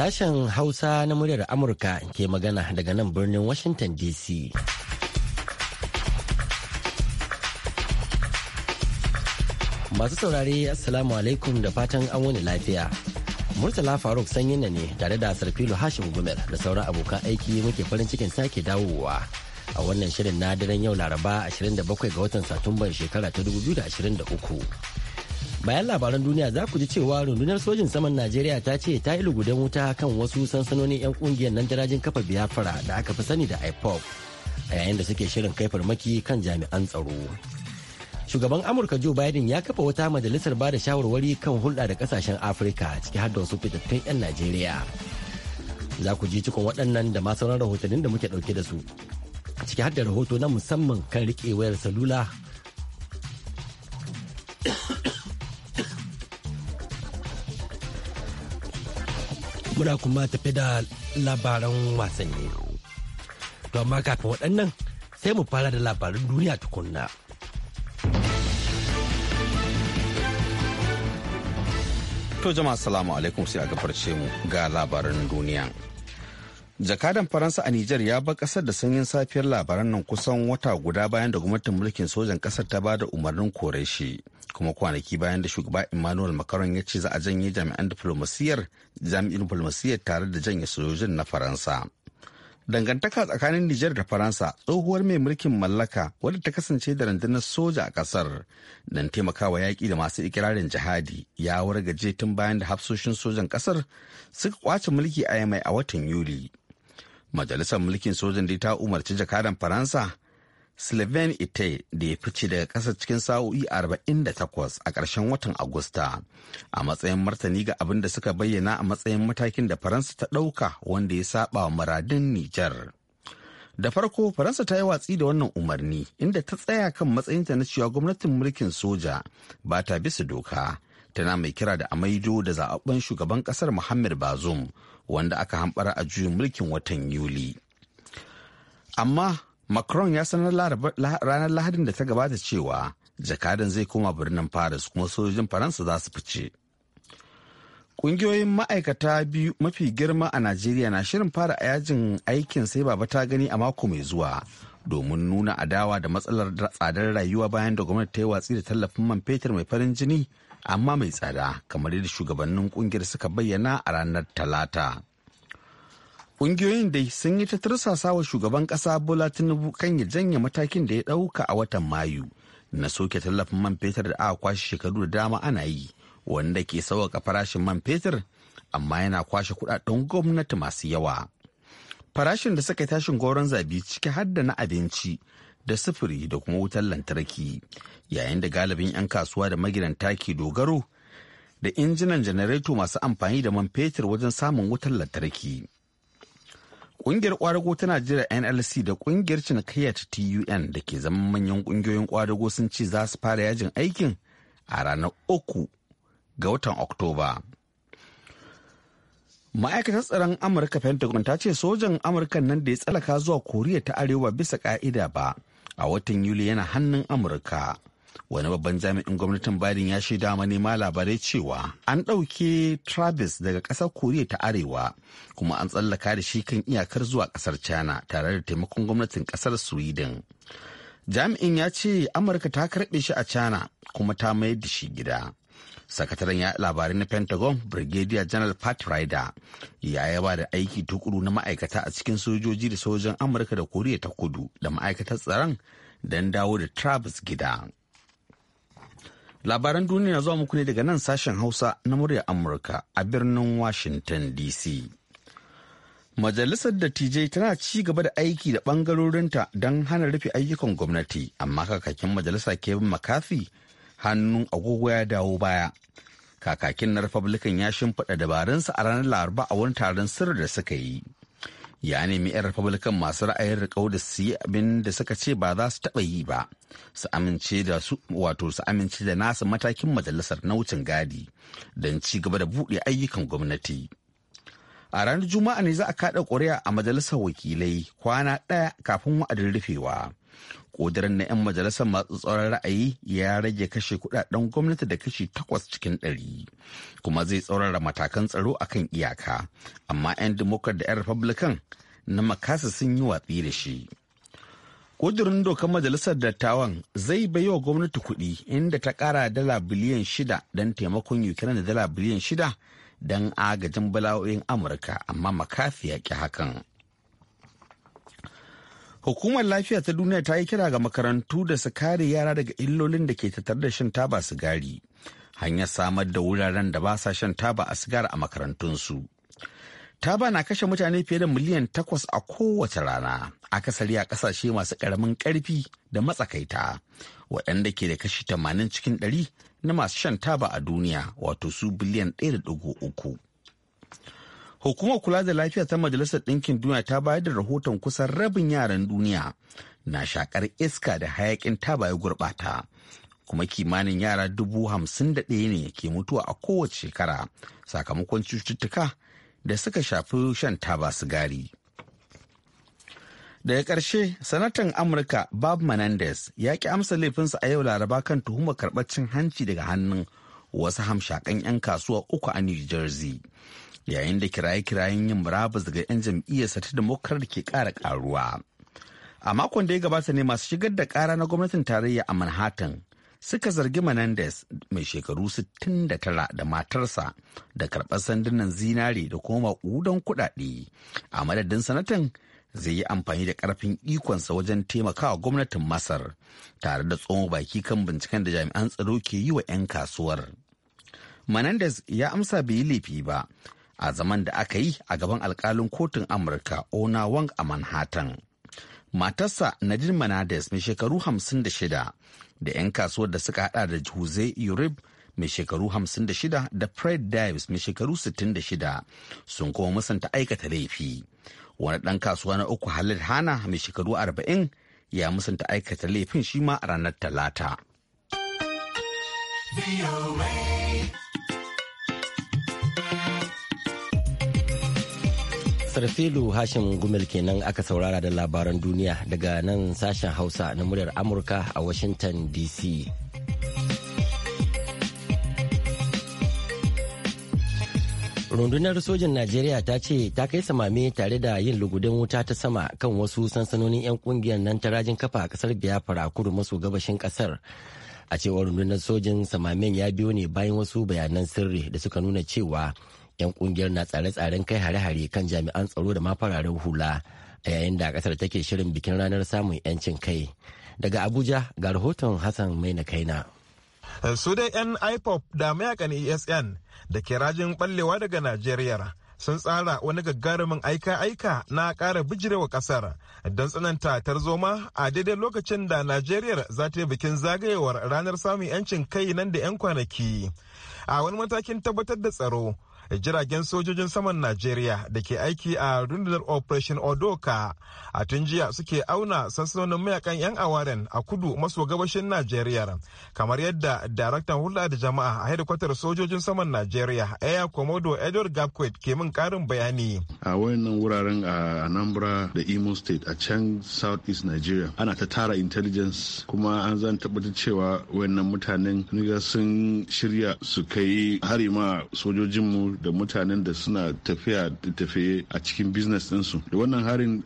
Sashen Hausa na muryar Amurka ke magana daga nan birnin Washington DC. Masu saurare Assalamu alaikum da fatan an wani lafiya. Murtala Faruk na ne tare da Sarfilo Hashim Gumel da sauran abokan aiki muke farin cikin sake dawowa. a wannan shirin na daren yau laraba 27 ga watan satumban shekara ta 2023 bayan labaran duniya za ku ji cewa rundunar sojin saman najeriya ta ce ta yi lugudan wuta kan wasu sansanonin 'yan kungiyar nan darajin kafa biafra da aka fi sani da ipop a yayin da suke shirin kai farmaki kan jami'an tsaro shugaban amurka joe biden ya kafa wata majalisar ba da shawarwari kan hulɗa da kasashen afirka ciki har da wasu fitattun 'yan najeriya za ku ji cikon waɗannan da ma sauran rahotannin da muke ɗauke da su ciki har da rahoto na musamman kan riƙe wayar salula muna kuma tafi da labaran wasanni. To amma kafin waɗannan sai mu fara da labarin duniya tukunna. To jama'a salamu alaikum sai a gafarce mu ga labaran duniya. Jakadan Faransa a Nijar ya ba kasar da sanyin safiyar labaran nan kusan wata guda bayan da gwamnatin mulkin sojan kasar ta ba da umarnin kore shi. kuma kwanaki bayan da shugaba Emmanuel Macron ya ce za a janye jami'an diplomasiyyar jami'in diplomasiyyar tare da janye sojojin na Faransa. Dangantaka tsakanin Nijar da Faransa tsohuwar mai mulkin mallaka wadda ta kasance da rundunar soja a kasar don taimakawa yaƙi da masu ikirarin jihadi ya wargaje tun bayan da hafsoshin sojan kasar suka kwace mulki a yamai a watan Yuli. Majalisar mulkin sojan da ta umarci jakadan Faransa Sylvain Ite da ya fice daga ƙasar cikin sa'o'i 48 a ƙarshen watan Agusta a matsayin martani ga abin da suka bayyana a matsayin matakin da Faransa ta ɗauka wanda ya saba wa muradin Nijar. Da farko Faransa ta yi watsi da wannan umarni inda ta tsaya kan matsayinta na cewa gwamnatin mulkin soja ba ta bisa doka tana mai kira da amaido da zaɓaɓɓen shugaban ƙasar Muhammad Bazoum wanda aka hambara a juyin mulkin watan Yuli. Amma Macron ya sanar ranar Lahadin da ta gabata cewa jakadan zai koma birnin Paris kuma sojojin Faransa za su fice. Ƙungiyoyin ma'aikata biyu mafi girma a Najeriya na shirin fara a yajin aikin sai ba ta gani a mako mai zuwa domin nuna adawa da matsalar tsadar rayuwa bayan da gwamnati ta yi watsi da tallafin man fetur mai farin jini amma mai tsada kamar yadda shugabannin ƙungiyar suka bayyana a ranar talata. Ƙungiyoyin dai sun yi ta tursasa wa shugaban ƙasa Bola Tinubu kan ya janye matakin da ya ɗauka a watan Mayu na soke tallafin man fetur da aka kwashe shekaru da dama ana yi wanda ke sauƙaƙa farashin man fetur amma yana kwashe kuɗaɗen gwamnati masu yawa. Farashin da suka tashin goron zabi ciki har da na abinci da sufuri da kuma wutar lantarki yayin da galibin 'yan kasuwa da magidanta ke dogaro da injinan janareto masu amfani da man fetur wajen samun wutar lantarki Ƙungiyar ƙwadago ta Najeriya NLC da ƙungiyar cinikayya ta TUN da ke zaman manyan ƙungiyoyin ƙwadago sun ce za su fara yajin aikin a ranar uku ga watan Oktoba. Ma'aikatar tsaron Amurka Pentagon ta ce sojan Amurka nan da ya tsalaka zuwa Koriya ta Arewa bisa ƙa'ida ba a watan Yuli yana hannun Amurka. wani babban jami'in gwamnatin biden ya shaida ma nema labarai cewa an ɗauke travis daga ƙasar koriya ta arewa kuma an tsallaka da shi kan iyakar zuwa ƙasar china tare da taimakon gwamnatin ƙasar sweden jami'in ya ce amurka ta karɓe shi a china kuma ta mayar da shi gida sakataren ya labarai na pentagon brigadier general pat ryder ya yaba da aiki tukuru na ma'aikata a cikin sojoji da sojan amurka da koriya ta kudu da ma'aikatar tsaron don dawo da travis gida Labaran duniya zuwa muku ne daga nan sashen Hausa na muryar Amurka a birnin Washington DC. Majalisar dattijai tana ci gaba da aiki da bangarorinta don hana rufe ayyukan gwamnati, amma kakakin majalisa Kevin makafi? hannun agogo ya dawo baya. Kakakin na Republican ya shimfiɗa dabarunsa a ranar Laraba a wani taron sirri da suka yi. ya nemi 'yan republican masu ra'ayin riƙau da su yi abin da suka ce ba za su taɓa yi ba su amince da su wato su amince da nasa matakin majalisar na wucin gadi don ci gaba da buɗe ayyukan gwamnati a ranar juma'a ne za a kaɗa ƙuri'a a majalisar wakilai kwana ɗaya kafin wa'adin rufewa ƙudurin na 'yan majalisar masu tsoron ra'ayi ya rage kashe kudaden gwamnati da kashi takwas cikin ɗari kuma zai tsaurara matakan tsaro a kan iyaka amma 'yan democrat da 'yan republican na makasa sun yi watsi da shi ƙudurin dokar majalisar dattawan zai baiwa gwamnati kuɗi inda ta ƙara dala biliyan shida don taimakon ukraine da dala biliyan shida don agajin bala'o'in amurka amma makafi ya ƙi hakan Hukumar lafiya ta duniya ta yi kira ga makarantu da su kare yara daga illolin da ke tattare da shan taba sigari. Hanyar samar da wuraren da ba sa shan taba a sigari a makarantunsu. Taba na kashe mutane fiye da miliyan takwas a kowace rana, akasari a kasashe masu karamin ƙarfi da matsakaita, waɗanda ke da kashi tamanin cikin ɗari na masu shan taba a duniya wato su biliyan ɗaya da uku. Hukumar kula da lafiya ta Majalisar Ɗinkin Duniya ta bayar da rahoton kusan rabin yaran duniya na shakar iska da hayakin taba ya gurɓata. Kuma kimanin yara dubu hamsin da ɗaya ne ke mutuwa a kowace shekara sakamakon cututtuka da suka shafi shan taba sigari. Daga ƙarshe, sanatan Amurka Bob Menendez ya ki amsa laifinsa a yau laraba kan tuhumar karɓar cin hanci daga hannun wasu hamshakan 'yan kasuwa uku a New Jersey. yayin da kiraye-kirayen yin murabus daga 'yan jam'iyyar sa ta demokrat ke kara karuwa. A makon da ya gabata ne masu shigar da kara na gwamnatin tarayya a Manhattan suka zargi Menendez mai shekaru 69 da matarsa da karɓar sandunan zinare da kuma udon kuɗaɗe a madadin sanatan zai yi amfani da ƙarfin ikonsa wajen taimakawa gwamnatin Masar tare da tsohon baki kan binciken da jami'an tsaro ke yi wa 'yan kasuwar. Menendez ya amsa bai yi laifi ba a zaman da aka yi a gaban alkalin kotun amurka ona wang a manhattan matarsa nadine manades mai shekaru 56 da 'yan kasuwar da suka hada da jose urib mai shekaru 56 da fred dives mai shekaru 66 sun kuma musanta aikata laifi wani ɗan kasuwa na uku halil hana mai shekaru 40 ya musanta aikata laifin shi ma a ranar talata. sarfilu hashim gumel kenan aka saurara da labaran duniya daga nan sashen hausa na muryar amurka a washington dc rundunar sojin najeriya ta ce ta kai samame tare da yin lugudin wuta ta sama kan wasu sansanonin 'yan kungiyar nan ta rajin kafa a kasar biafra kudu maso gabashin kasar a cewar rundunar sojin samamen ya biyo ne bayan wasu bayanan sirri da suka nuna cewa 'yan kungiyar na tsare-tsaren kai hare-hare kan jami'an tsaro da mafararen hula a yayin da kasar take shirin bikin ranar samun 'yancin kai daga abuja ga rahoton hassan mai na kaina su dai 'yan ipop da mayakan esn da ke rajin ballewa daga najeriya sun tsara wani gagarumin aika-aika na ƙara bijirewa ƙasar don tsananta zoma a daidai lokacin da Najeriya za ta yi bikin zagayewar ranar samun 'yancin kai nan da 'yan kwanaki. A wani matakin tabbatar da tsaro, jiragen sojojin saman Najeriya da ke aiki a rundunar Operation Odoka a tun jiya suke auna sansanonin mayakan 'yan awaren a kudu maso gabashin Najeriya kamar yadda daraktan hulɗa da jama'a a hedikwatar sojojin saman Najeriya Air Komodo Edward Gapquet ke min karin bayani. A wayannan wuraren a Anambra da Imo State a can east Nigeria ana ta tara intelligence kuma an zan tabbatar cewa wayannan mutanen sun shirya su kai hari ma sojojinmu da mutanen da suna tafiya tafiye a cikin business su. da wannan harin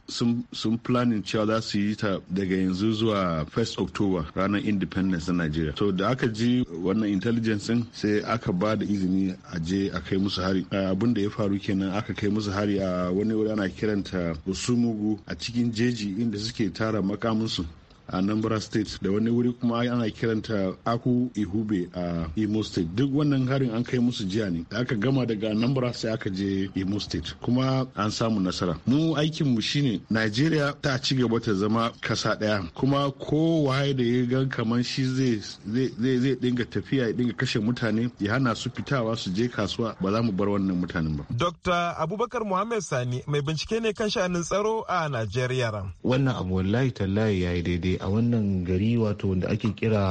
sun planning cewa za su yi ta daga yanzu zuwa 1st october ranar independence na nigeria to da aka ji wannan intelligence ɗin sai aka ba da izini a je a kai musu hari abin da ya faru kenan aka kai musu hari a wani wuri ana kiranta usumugu a cikin jeji inda suke tara makaminsu a Anambra State da wani wuri kuma ana kiranta Aku Ihube a Imo State duk wannan harin an kai musu jiya ne da aka gama daga Anambra sai aka je Imo State kuma an samu nasara mu aikin mu shine Najeriya ta ci gaba ta zama kasa daya kuma kowaye da ya gan kamar shi zai zai dinga tafiya ya dinga kashe mutane ya hana su fitawa su je kasuwa ba za mu bar wannan mutanen ba Dr. Abubakar Muhammad Sani mai bincike ne kan sha'anin tsaro a Najeriya wannan abu wallahi tallahi yayi daidai a wannan gari wato wanda ake kira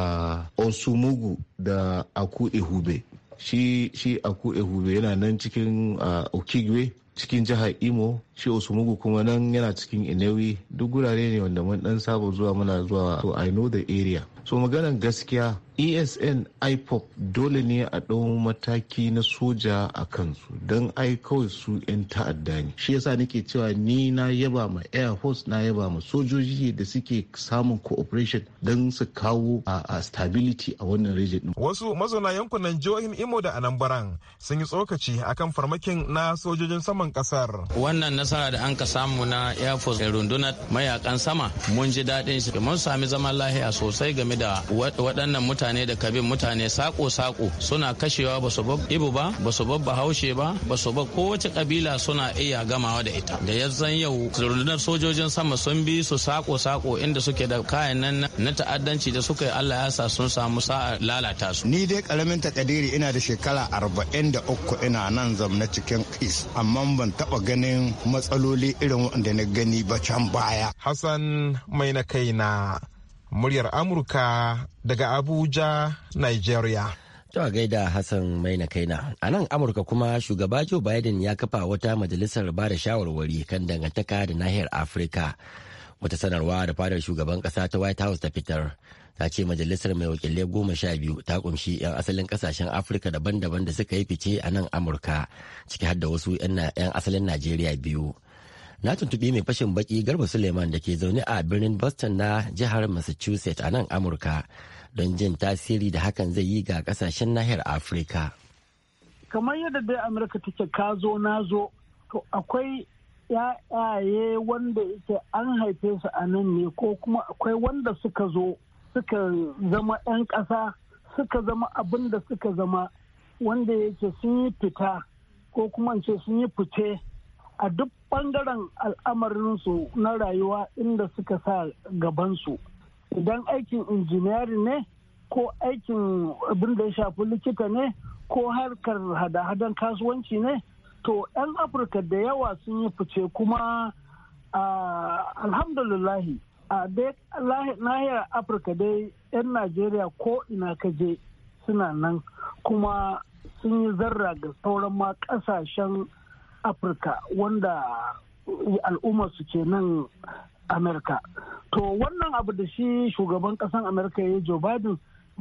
osumugu da aku ehube shi shi aku ehube yana nan cikin uh, okigwe cikin jihar imo shi osumugu kuma nan yana cikin inewi duk gurare ne wanda mun dan saba zuwa muna zuwa to i know the area so maganar gaskiya esn ipop dole ne a ɗau mataki na soja a kansu don ai kawai su 'yan ta'adda ne shi yasa nake cewa ni na yaba ma air force na yaba ma sojoji da suke samun cooperation don su kawo a stability a wannan region din wasu mazauna yankunan jihohin imo da anambaran sun yi tsokaci akan farmakin na sojojin saman kasar wannan nasara da an ka samu na air force rundunar mayakan sama mun ji daɗin shi mun sami zaman lahiya sosai game game da waɗannan mutane da kabin mutane sako-sako suna kashewa ba su ibu ba ba su bahaushe ba ba su ba kowace kabila suna iya gamawa da ita da yanzan yau rundunar sojojin sama sun bi su sako-sako inda suke da kayan nan na ta'addanci da suka yi allah ya sa sun samu sa'a lalata su ni dai karamin takadiri ina da shekara arba'in da uku ina nan zamna cikin kis amma ban taba ganin matsaloli irin wanda na gani ba can baya hassan mai na kaina muryar amurka daga abuja nigeria To a gaida Hassan Maina Kaina. A nan Amurka kuma shugaba Joe Biden ya kafa wata majalisar ba da shawarwari kan dangantaka da nahiyar Afirka. Wata sanarwa da fadar shugaban kasa ta White House ta fitar. Ta ce majalisar mai wakilai goma sha biyu ta kunshi 'yan asalin kasashen Afirka daban-daban da suka yi fice a nan Amurka, ciki har da wasu 'yan asalin Najeriya biyu. na tuntubi mai fashin baki garba suleiman da ke zaune a birnin boston na jihar massachusetts a nan amurka don jin tasiri da hakan zai yi ga kasashen nahiyar afirka kamar yadda dai amurka take ka zo na zo to akwai ya'yaye wanda yake an haife su a nan ne ko kuma akwai wanda suka zo suka zama 'yan ƙasa suka zama abin da suka zama wanda yake sun yi fita ko kuma ce sun yi fice a duk bangaren al'amarinsu na rayuwa inda suka sa gabansu idan aikin injiniyari ne ko aikin abin da ya shafi likita ne ko harkar hada-hadan kasuwanci ne to 'yan afirka da yawa sun yi fice kuma alhamdulillahi a dai nahiyar afirka dai 'yan najeriya ko ina ka je suna nan kuma sun yi zarra ga sauran ma kasashen afirka wanda al'ummar su ke nan amerika to wannan abu da shi shugaban kasan amerika ya joe biden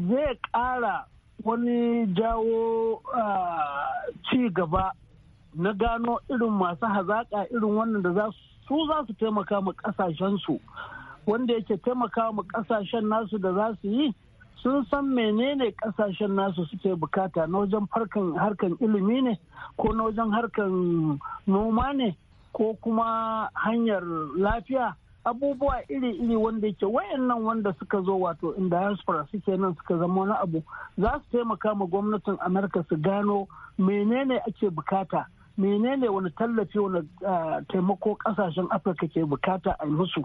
zai kara wani jawo ci gaba na gano irin masu hazaƙa irin wannan da za su za su taimaka ma ƙasashensu wanda yake taimaka ma kasashen nasu da za su yi sun san menene kasashen nasu suke bukata na wajen harkan ilimi ne ko na wajen harkan noma ne ko kuma hanyar lafiya abubuwa iri-iri wanda yake wayannan wanda suka zo wato in diaspora suke nan suka zama wani abu za su taimaka ma gwamnatin amurka su gano menene ake bukata menene wani tallafi wani ah, taimako kasashen afirka ke bukata a musu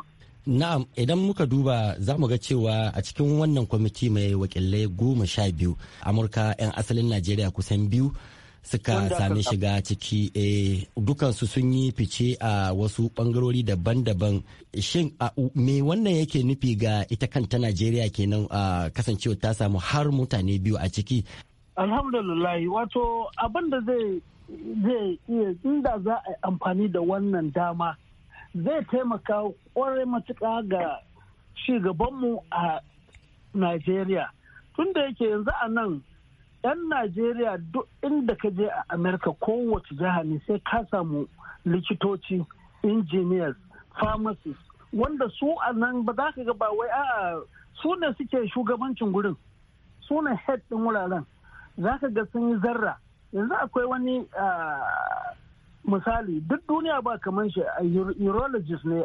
Na'am idan muka duba za mu ga cewa a cikin wannan kwamiti mai wakilai goma sha biyu Amurka 'yan asalin Najeriya kusan biyu suka sami shiga ciki e, dukansu sun yi fice a wasu bangarori daban-daban shin me wannan yake nufi ga ita kanta Najeriya kenan a kasancewa ta samu har mutane biyu a ciki. Alhamdulillah wato abin da zai iya inda za a amfani da wannan dama. zai taimaka kwarai matuka ga shugabanmu a Najeriya. Tun da yake yanzu a nan 'yan Najeriya duk inda ka je a Amerika kowace jiha ne sai ka samu likitoci, engineers, pharmacists wanda su a nan ba za ka ba wai a su ne suke shugabancin gurin su ne head ɗin wuraren za ka ga sun yi zarra yanzu akwai wani ah, misali duk duniya ba kamar shi a urologist ne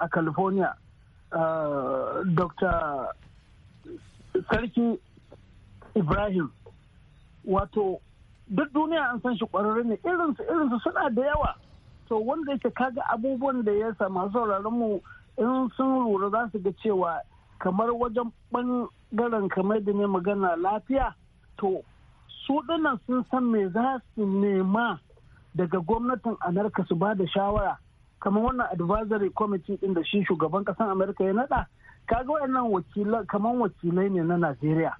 a california dr sarki ibrahim wato duk duniya an san shi kwararre ne irinsu irinsu suna da yawa to wanda yake kaga abubuwan da ya sa masu mu in sun lura za su ga cewa kamar wajen bangaren kamar da ne magana lafiya to su dinan sun san me za su nema daga gwamnatin Amurka su ba da shawara kamar wannan advisory committee din da shi shugaban kasan Amurka ya nada kaga wayannan wakilai kamar wakilai ne na Najeriya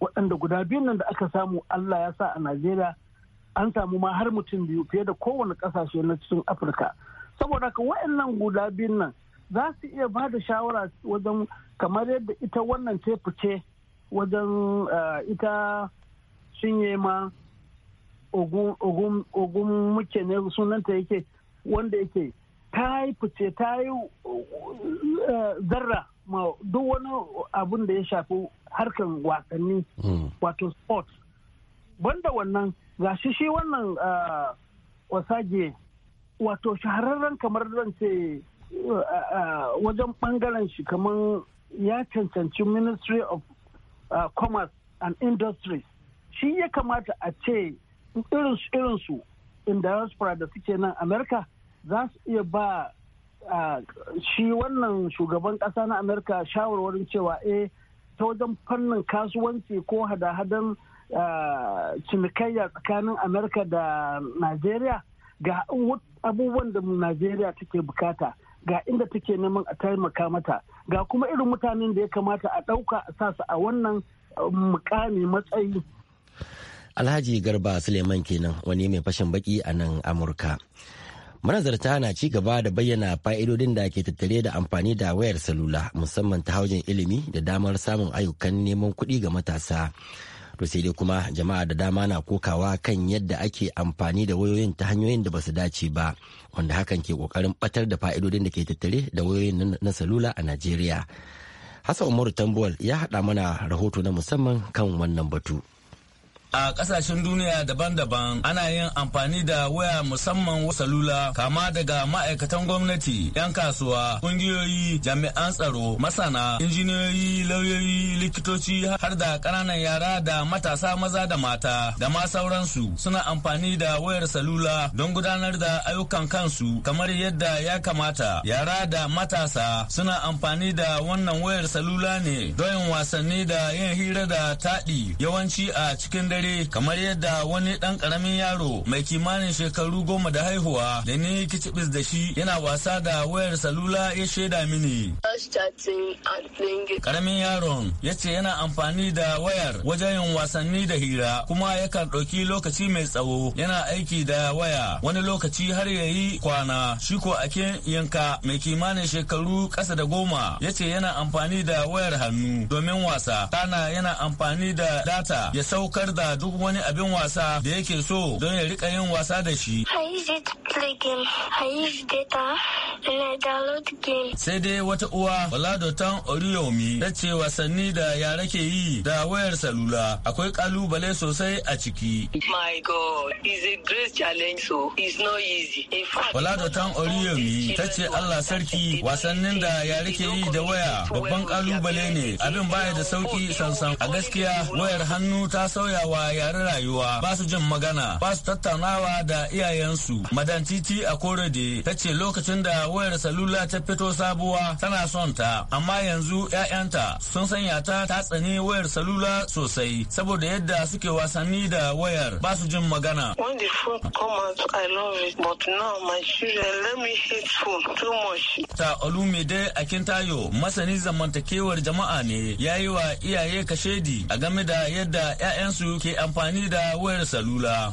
waɗanda guda biyun nan da aka samu Allah ya sa a Najeriya an samu ma har mutum biyu fiye da kowane ƙasashe na cikin Afirka saboda haka wayannan guda biyun nan za su iya ba da shawara wajen kamar yadda ita wannan ce fice wajen eh, ita shinye ma ogun muke ne sunanta yake wanda yake ta yi fice ta yi eh, zarra ma duk wani abun da ya shafi harkan wasanni hmm. wato sports banda wannan ga shi shi wannan wasage eh, wato shahararren kamar zan ce eh, wajen bangaren shi kamar ya cancanci ministry of commerce and industry shi ya kamata a ce irinsu irinsu in diaspora da suke nan amerika za su iya ba shi wannan shugaban ƙasa na amerika shawarwarin cewa eh ta wajen fannin kasuwanci ko hada-hadan cinikayya tsakanin amerika da nigeria ga abubuwan da nigeria take bukata ga inda take neman a taimaka mata ga kuma irin mutanen da ya kamata a ɗauka a sasa a wannan mukami matsayi Alhaji Garba Suleiman kenan wani mai fashin baki a nan Amurka. Manazarta na ci gaba da bayyana fa'idodin da ke tattare da amfani da wayar salula musamman ta haujin ilimi da damar samun ayyukan neman kuɗi ga matasa. To sai dai kuma jama'a da dama na kokawa kan yadda ake amfani da wayoyin ta hanyoyin da basu dace ba wanda hakan ke kokarin batar da fa'idodin da ke tattare da wayoyin na salula a Najeriya. Hassan Umaru Tambuwal ya haɗa mana rahoto na musamman kan wannan batu. a kasashen duniya daban-daban ana yin amfani da waya musamman salula kama daga ma'aikatan gwamnati 'yan kasuwa kungiyoyi jami'an tsaro masana injiniyoyi lauyoyi likitoci har da ƙananan yara da matasa maza da mata da ma sauransu suna amfani da wayar salula don gudanar da ayyukan kansu kamar yadda ya kamata yara da matasa suna amfani da wannan wayar salula ne don yin wasanni da yin hira da taɗi yawanci a cikin dare dare kamar yadda wani ɗan karamin yaro mai kimanin shekaru goma da haihuwa da ni kicibis da shi yana wasa da wayar salula ya shaida mini. Ƙaramin yaron ya ce yana amfani da wayar wajen yin wasanni da hira kuma yakan ɗauki lokaci mai tsawo yana aiki da waya wani lokaci har ya yi kwana shi ko ake yanka mai kimanin shekaru ƙasa da goma ya ce yana amfani da wayar hannu domin wasa kana yana amfani da data ya saukar da duk wani abin wasa da yake so don ya rika yin wasa da shi. Sai dai wata uwa Oladotan Oriyomi ta ce wasanni da yara ke yi da wayar salula akwai kalubale sosai a ciki. My God, is a great challenge so it's not easy. Oladotan Oriyomi ta ce Allah sarki wasannin da yara ke yi da waya babban kalubale ne abin baya da sauki sansan a gaskiya wayar hannu ta sauyawa yare rayuwa ba su jin magana ba su tattaunawa da iyayensu madan titi a korede ta ce lokacin da wayar salula ta fito sabuwa tana son ta amma yanzu 'ya'yanta sun sanya ta ta tsani wayar salula sosai saboda yadda suke wasanni da wayar ba su jin magana when the phone come out i love it but now my children let me hate phone too much ta olumide akintayo masani zamantakewar jama'a ne yayi wa iyaye kashedi a game da yadda 'ya'yansu ke ke amfani da wayar salula.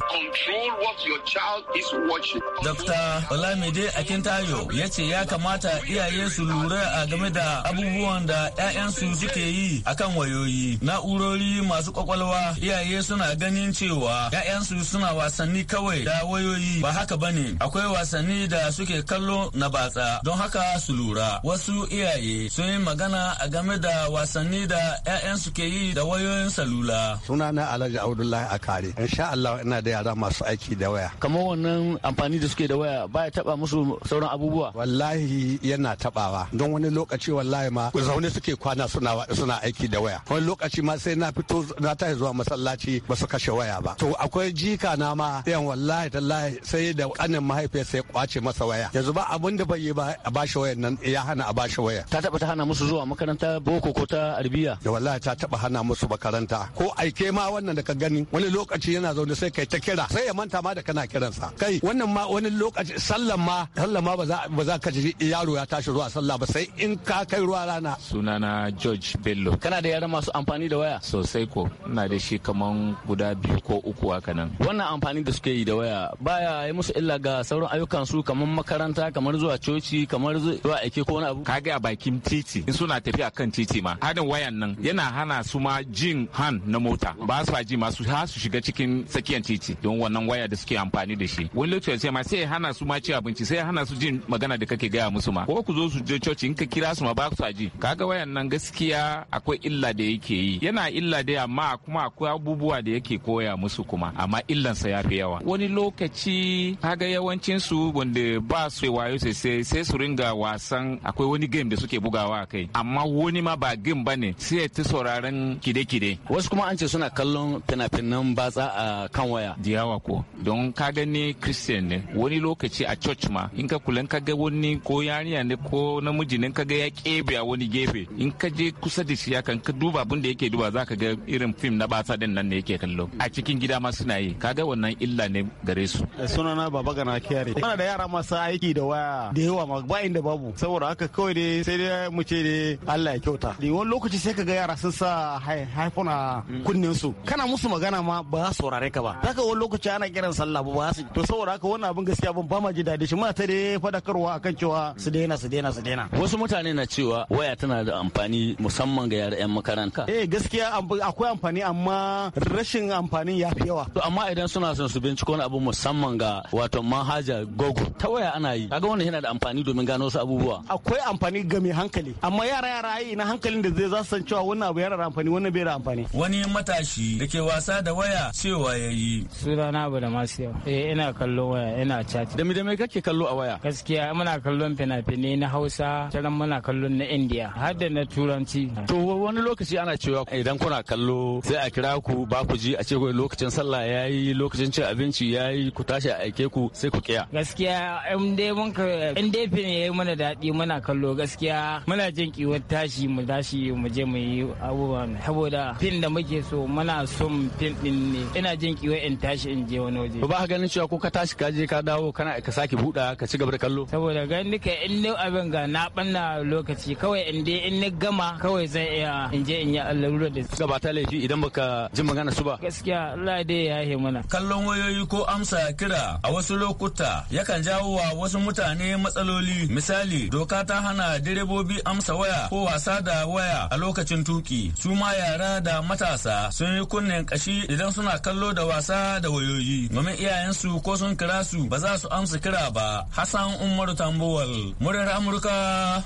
Dr. Olamide Akintayo ya ce ya kamata iyaye su lura a game da abubuwan da 'ya'yansu suke yi akan wayoyi. Na'urori masu kwakwalwa iyaye suna ganin cewa 'ya'yansu suna wasanni kawai da wayoyi ba haka bane akwai wasanni da suke kallo na batsa don haka su lura. Wasu iyaye sun yi magana a game da wasanni da 'ya'yansu ke yi da wayoyin salula. Sunana Alhaji Abdullahi Akare insha Allah ina da yara masu aiki da waya kamar wannan amfani da suke da waya baya taba musu sauran abubuwa wallahi yana tabawa don wani lokaci wallahi ma zaune suke kwana suna suna aiki da waya wani lokaci ma sai na fito na tashi zuwa masallaci ba su kashe waya ba to akwai jika na ma yan wallahi tallahi sai da kanin mahaifiyar sai kwace masa waya yanzu ba abun da bai yi ba a bashi wayar nan ya hana a bashi waya ta taba ta hana musu zuwa makaranta boko ko ta arbiya da wallahi ta taba hana musu makaranta ko aike ma wannan da ka gani wani lokaci yana zaune sai kai ta kira sai ya manta ma da kana kiransa kai wannan ma wani lokaci sallan ma sallan ma ba za ka ji yaro ya tashi ruwa sallah ba sai in ka kai ruwa rana sunana George Bello kana da yaran masu amfani da waya sosai ko ina da shi kaman guda biyu ko uku haka nan wannan amfani da suke yi da waya baya yi musu illa ga sauran ayyukan su kaman makaranta kamar zuwa coci kamar zuwa aike ko wani abu kage a bakin titi in suna tafiya kan titi ma hadin wayan nan yana hana su ma jin han na mota ba su jin ma su ha su shiga cikin tsakiyar titi don wannan waya da suke amfani da shi wani lokaci sai ma sai hana su ma ci abinci sai hana su jin magana da kake gaya musu ma ko ku zo su je coci in ka kira su ma ba su ji kaga wayan nan gaskiya akwai illa da yake yi yana illa da amma kuma akwai abubuwa da yake koya musu kuma amma illan ya fi yawa wani lokaci kaga yawancin su wanda ba su wayo sai sai su ringa wasan akwai wani game da suke bugawa kai amma wani ma ba game bane sai ta sauraron kide-kide wasu kuma an ce suna kallon fina-finan batsa a kan waya da yawa ko don ka gani christian ne wani lokaci a church ma in ka kula ka ga wani ko yariya ne ko namiji ne ka ga ya kebe a wani gefe in ka je kusa da shi kan ka duba abin da yake duba za ka ga irin fim na batsa din nan ne yake kallo a cikin gida ma suna yi ga wannan illa ne gare su eh, sunana baba gana kiyare mana da yara masu aiki da waya da yawa ma ba inda babu saboda haka kawai dai sai dai mu ce dai Allah ya kyauta wani lokaci sai ka ga yara sun sa haifuna kunnen su kana musu su magana ma ba za su saurare ka ba ka wani lokaci ana kiran sallah ba ba su to saboda haka wannan abin gaskiya ban fama ji dadi shi muna ta dai fadakarwa akan cewa su daina su daina su daina wasu mutane na cewa waya tana da amfani musamman ga yara yan makaranta eh gaskiya akwai amfani amma rashin amfanin ya fi yawa to amma idan suna son su binciko wani abu musamman ga wato manhaja gogo ta waya ana yi kaga wannan yana da amfani domin gano su abubuwa akwai amfani ga mai hankali amma yara yara ai ina hankalin da zai za su san cewa wannan abu yana da amfani wannan bai da amfani wani matashi da ke wasa da waya cewa ya yi. Sunana abu da masu yau. Eh ina kallon waya ina chat. Da dami kake kallo a waya? Gaskiya muna kallon fina-finai na Hausa, taron muna kallon na India, har da na Turanci. To wani lokaci ana cewa idan kuna kallo sai a kira ku ba ku ji a ce lokacin sallah ya yi lokacin cin abinci ya yi ku tashi a aike ku sai ku kiya. Gaskiya in dai mun ka in dai fina ya yi mana daɗi muna kallo gaskiya muna jin kiwon tashi mu tashi mu je mu yi abubuwan saboda fin da muke so muna son fim din ne ina jin kiwa in tashi in je wani waje ba ganin cewa ko ka tashi ka je ka dawo kana ka sake buɗa ka ci gaba da kallo saboda ganin nika in ne abin ga na banna lokaci kawai in dai in ni gama kawai zai iya in je in yi allura da su ta laifi idan baka ji magana su ba gaskiya Allah dai ya yi mana kallon wayoyi ko amsa kira a wasu lokuta yakan jawo wa wasu mutane matsaloli misali doka ta hana direbobi amsa waya ko wasa da waya a lokacin tuki su ma yara da matasa sun yi kunnen kashi idan suna kallo da wasa da wayoyi domin iyayensu ko sun kira su ba za su amsa kira ba hassan umaru tambowal murar amurka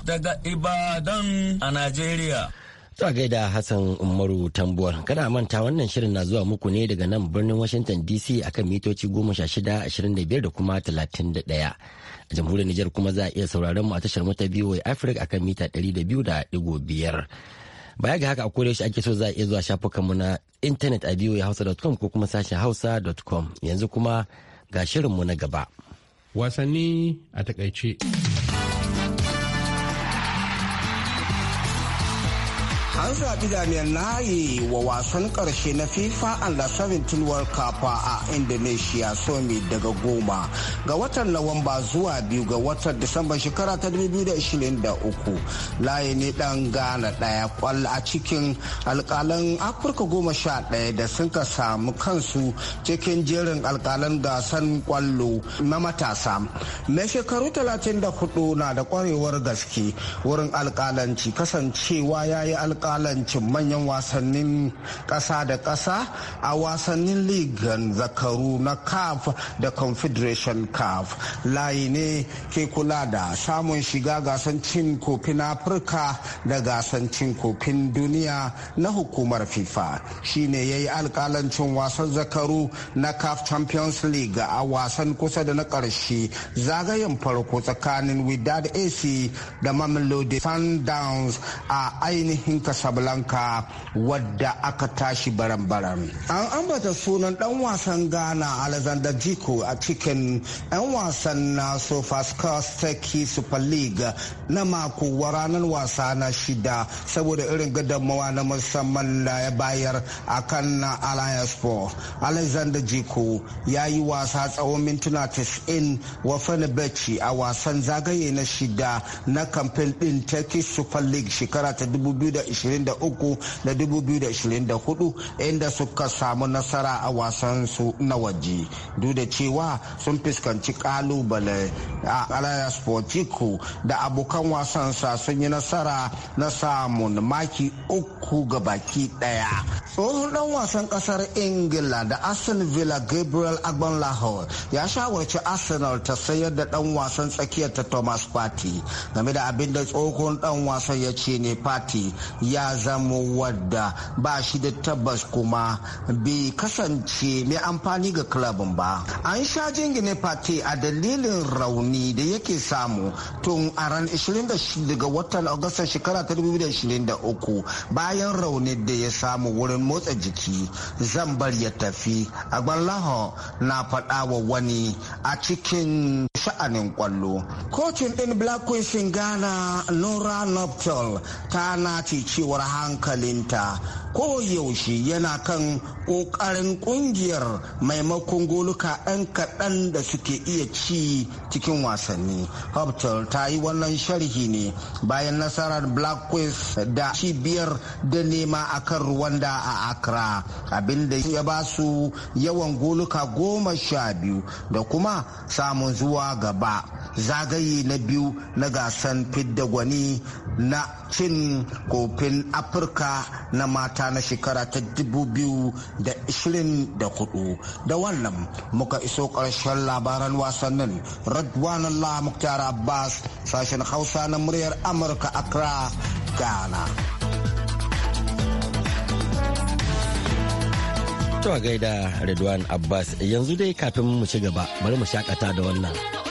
daga ibadan a najeriya Za gaida Hassan Umaru Tambuwar. Kada manta wannan shirin na zuwa muku ne daga nan birnin Washington DC akan mitoci 16-25 da kuma 31. A jamhuriyar Nijar kuma za a iya sauraron mu a tashar mata biyu Africa akan mita 200.5. baya ga haka a kodayaushe ake so za a iya zuwa shafukanmu na intanet a hausa.com ko kuma sashen hausa.com yanzu kuma ga shirinmu na gaba wasanni a takaice an zaɓi na naye wa wasan ƙarshe na fifa under 17 world cup a indonesia somi daga goma ga watan nawamba zuwa biyu ga watan disamba shekara ta 2023 layi ne dan gana ɗaya kwal a cikin alƙalan afirka goma sha ɗaya da sun ka samu kansu cikin jerin alƙalan gasan kwallo na matasa mai shekaru 34 na da ƙwarewar gaske wurin alƙalanci kasancewa ya yi alƙalanci alƙalancin manyan wasannin ƙasa da ƙasa a wasannin ligan zakaru na caf da confederation caf layi ne ke kula da samun shiga gasar cin kofin afirka da gasan cin kofin duniya na hukumar fifa shine ya yi alkalancin wasan zakaru na caf champions league a wasan kusa da na ƙarshe zagayen farko tsakanin widad ac da mamelodi sundowns a ainihin casablanca wadda aka tashi baran-baran an ambata sunan dan wasan ghana alexander jiko a cikin 'yan wasan na sofascos turkey super league na mako wa ranar wasa na shida saboda irin gadamawa na musamman da ya bayar a kan na alliance alexander jiko ya yi wasa tsawon mintuna 90 wa fenerbahce a wasan zagaye na shida na kamfen din turkey super league shekara ta 2020 2023 da 2024 inda suka samu nasara a wasan su na waje duk da cewa sun fuskanci kalubale a alaya sportico da abokan wasan sun yi nasara na samun maki uku ga baki daya tsohon dan wasan kasar ingila da aston villa gabriel agban lahore ya shawarci arsenal ta sayar da dan wasan tsakiyar ta thomas party game da abinda tsohon dan wasan ya ce ne party ya zama wadda ba shi da tabbas kuma bai kasance mai amfani ga klabin ba an sha jingine fate a dalilin rauni da yake samu tun a ran 26 daga watan agusta shekara ta 2023 bayan rauni da ya samu wurin motsa jiki zan bar ya tafi a na faɗa wa wani a cikin sha'anin kwallo kocin ɗin black queen ghana nora nuptial ta nace kwancewar hankalinta koyaushe yana kan ƙoƙarin ƙungiyar maimakon goluka ɗan kaɗan da suke iya ci cikin wasanni. Hoptel ta yi wannan sharhi ne bayan nasarar Black Quest da cibiyar da nema a kan Rwanda a Accra abinda ya ba su yawan goluka goma sha biyu da kuma samun zuwa gaba zagaye na biyu na gasan fidda gwani na cin kofin Afirka na mata wata na shekara ta biyu da da da wannan muka iso ƙarshen labaran wasannin radwan allah muktar abbas sashen hausa na muryar amurka accra ghana To gaida Redwan Abbas yanzu dai kafin mu ci gaba bari mu shakata da wannan.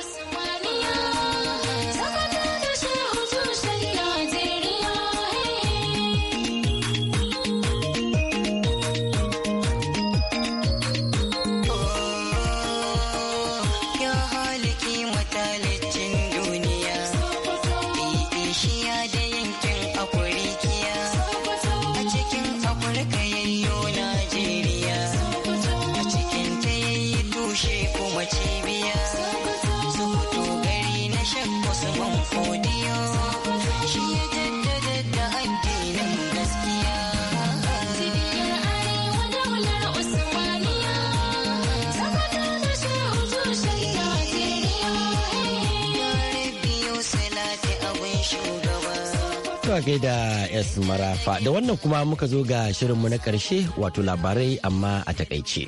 To gaida S Marafa da wannan kuma muka zo ga shirinmu na karshe wato labarai amma a takaice.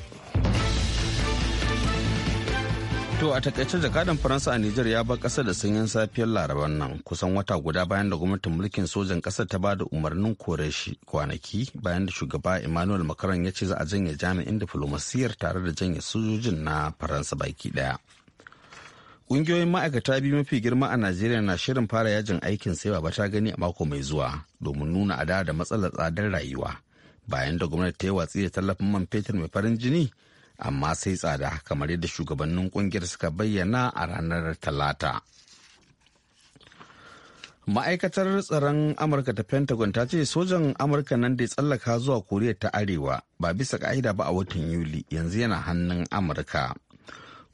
To a takaice jakadan Faransa a Nijar ya bar ƙasa da sanyin safiyar laraban nan kusan wata guda bayan da gwamnatin mulkin sojan ƙasa ta ba da umarnin kore shi kwanaki bayan da shugaba Emmanuel Macron ya ce za a janye jami'in diflomasiyyar tare da janye sojojin na Faransa baki daya. Ƙungiyoyin ma'aikata biyu mafi girma a Najeriya na shirin fara yajin aikin sai bata ta gani a mako mai zuwa domin nuna adawa da matsalar tsadar rayuwa bayan da gwamnati ta yi watsi da tallafin man fetur mai farin jini amma sai tsada kamar yadda shugabannin kungiyar suka bayyana a ranar talata. Ma'aikatar tsaron Amurka ta Pentagon ta ce sojan Amurka nan da ya tsallaka zuwa Koriya ta Arewa ba bisa ka'ida ba a watan Yuli yanzu yana hannun Amurka.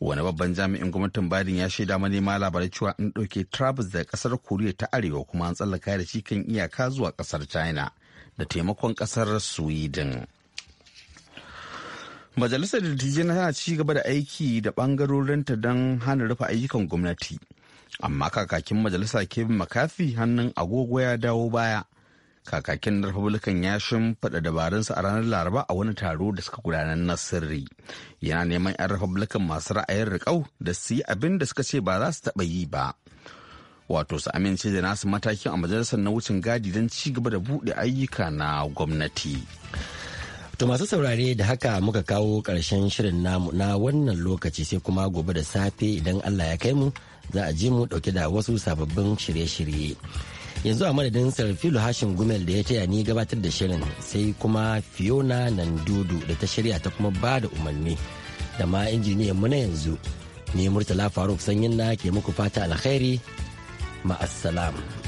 wani babban jami'in gwamnatin biden ya shaida manema labarai cewa an ɗauke travis daga kasar koriya ta arewa kuma an tsallaka da shi kan iyaka zuwa kasar china da taimakon kasar sweden majalisar dattijai na ci gaba da aiki da ɓangarorinta don hana rufe ayyukan gwamnati amma kakakin majalisa kevin mccarthy hannun agogo ya dawo baya kakakin republican ya shimfiɗa dabarunsa a ranar laraba a wani taro da suka gudanar na sirri yana neman 'yan republican masu ra'ayin rikau da su yi abin da suka ce ba za su taɓa yi ba wato su amince da nasu matakin a majalisar na wucin gadi don ci gaba da buɗe ayyuka na gwamnati To masu saurare da haka muka kawo ƙarshen shirin namu na wannan lokaci sai kuma gobe da safe idan Allah ya kai mu za a ji mu ɗauke da wasu sababbin shirye-shirye. yanzu a madadin sarfilu hashin gumel da ya taya ni gabatar da shirin sai kuma fiona nan dudu da ta shirya ta kuma ba da umarni da ma injiniyan mu na yanzu ne murtala faruk sanyin na ke muku fata alkhairi ma'assalam.